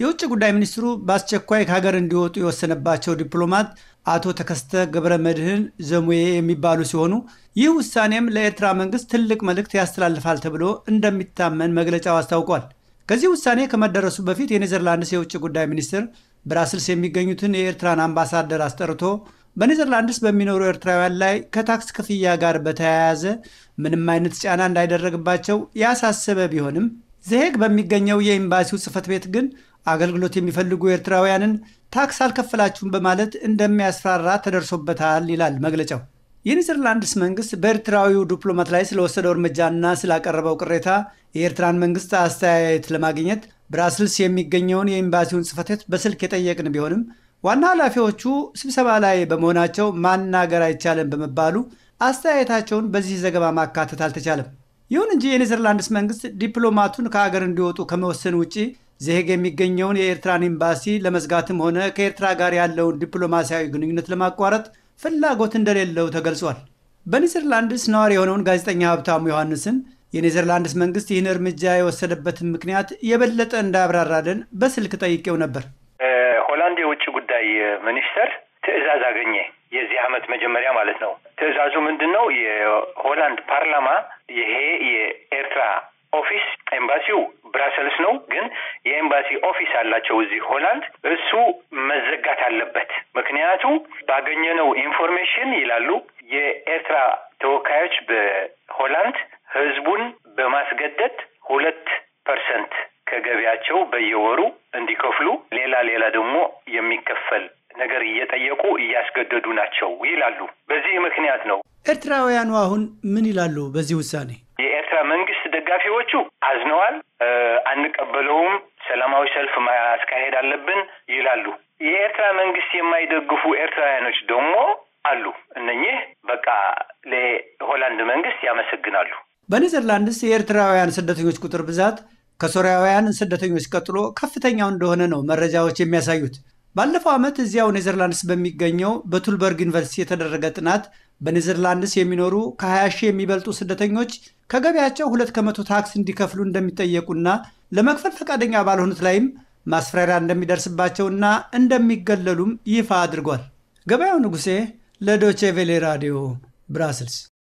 የውጭ ጉዳይ ሚኒስትሩ በአስቸኳይ ከሀገር እንዲወጡ የወሰነባቸው ዲፕሎማት አቶ ተከስተ ገብረ መድህን ዘሙዬ የሚባሉ ሲሆኑ ይህ ውሳኔም ለኤርትራ መንግስት ትልቅ መልእክት ያስተላልፋል ተብሎ እንደሚታመን መግለጫው አስታውቋል። ከዚህ ውሳኔ ከመደረሱ በፊት የኔዘርላንድስ የውጭ ጉዳይ ሚኒስትር ብራስልስ የሚገኙትን የኤርትራን አምባሳደር አስጠርቶ በኔዘርላንድስ በሚኖሩ ኤርትራውያን ላይ ከታክስ ክፍያ ጋር በተያያዘ ምንም አይነት ጫና እንዳይደረግባቸው ያሳሰበ ቢሆንም ዘሄግ በሚገኘው የኤምባሲው ጽፈት ቤት ግን አገልግሎት የሚፈልጉ ኤርትራውያንን ታክስ አልከፈላችሁም በማለት እንደሚያስፈራራ ተደርሶበታል ይላል መግለጫው። የኔዘርላንድስ መንግስት በኤርትራዊው ዲፕሎማት ላይ ስለወሰደው እርምጃና ስላቀረበው ቅሬታ የኤርትራን መንግስት አስተያየት ለማግኘት ብራስልስ የሚገኘውን የኤምባሲውን ጽሕፈት ቤት በስልክ የጠየቅን ቢሆንም ዋና ኃላፊዎቹ ስብሰባ ላይ በመሆናቸው ማናገር አይቻልም በመባሉ አስተያየታቸውን በዚህ ዘገባ ማካተት አልተቻለም። ይሁን እንጂ የኔዘርላንድስ መንግስት ዲፕሎማቱን ከሀገር እንዲወጡ ከመወሰን ውጪ ዘሄግ የሚገኘውን የኤርትራን ኤምባሲ ለመዝጋትም ሆነ ከኤርትራ ጋር ያለውን ዲፕሎማሲያዊ ግንኙነት ለማቋረጥ ፍላጎት እንደሌለው ተገልጿል። በኔዘርላንድስ ነዋሪ የሆነውን ጋዜጠኛ ሀብታሙ ዮሐንስን የኔዘርላንድስ መንግስት ይህን እርምጃ የወሰደበትን ምክንያት የበለጠ እንዳብራራልን በስልክ ጠይቄው ነበር። ሆላንድ የውጭ ጉዳይ ሚኒስተር ትዕዛዝ አገኘ። የዚህ አመት መጀመሪያ ማለት ነው። ትዕዛዙ ምንድን ነው? የሆላንድ ፓርላማ ይሄ የኤርትራ ኦፊስ ኤምባሲው ብራሰልስ ነው፣ ግን የኤምባሲ ኦፊስ አላቸው እዚህ ሆላንድ፣ እሱ መዘጋት አለበት። ምክንያቱ ባገኘነው ኢንፎርሜሽን ይላሉ የኤርትራ ተወካዮች በሆላንድ ህዝቡን በማስገደድ ሁለት ፐርሰንት ከገቢያቸው በየወሩ እንዲከፍሉ ሌላ ሌላ ደግሞ የሚከፈል ነገር እየጠየቁ እያስገደዱ ናቸው ይላሉ። በዚህ ምክንያት ነው። ኤርትራውያኑ አሁን ምን ይላሉ በዚህ ውሳኔ? ደጋፊዎቹ አዝነዋል፣ አንቀበለውም፣ ሰላማዊ ሰልፍ ማስካሄድ አለብን ይላሉ። የኤርትራ መንግስት የማይደግፉ ኤርትራውያኖች ደግሞ አሉ። እነኚህ በቃ ለሆላንድ መንግስት ያመሰግናሉ። በኔዘርላንድስ የኤርትራውያን ስደተኞች ቁጥር ብዛት ከሶሪያውያን ስደተኞች ቀጥሎ ከፍተኛው እንደሆነ ነው መረጃዎች የሚያሳዩት። ባለፈው ዓመት እዚያው ኔዘርላንድስ በሚገኘው በቱልበርግ ዩኒቨርሲቲ የተደረገ ጥናት በኔዘርላንድስ የሚኖሩ ከ20 ሺህ የሚበልጡ ስደተኞች ከገቢያቸው ሁለት ከመቶ ታክስ እንዲከፍሉ እንደሚጠየቁና ለመክፈል ፈቃደኛ ባልሆኑት ላይም ማስፈራሪያ እንደሚደርስባቸውና እንደሚገለሉም ይፋ አድርጓል። ገበያው ንጉሴ ለዶቼ ቬሌ ራዲዮ ብራስልስ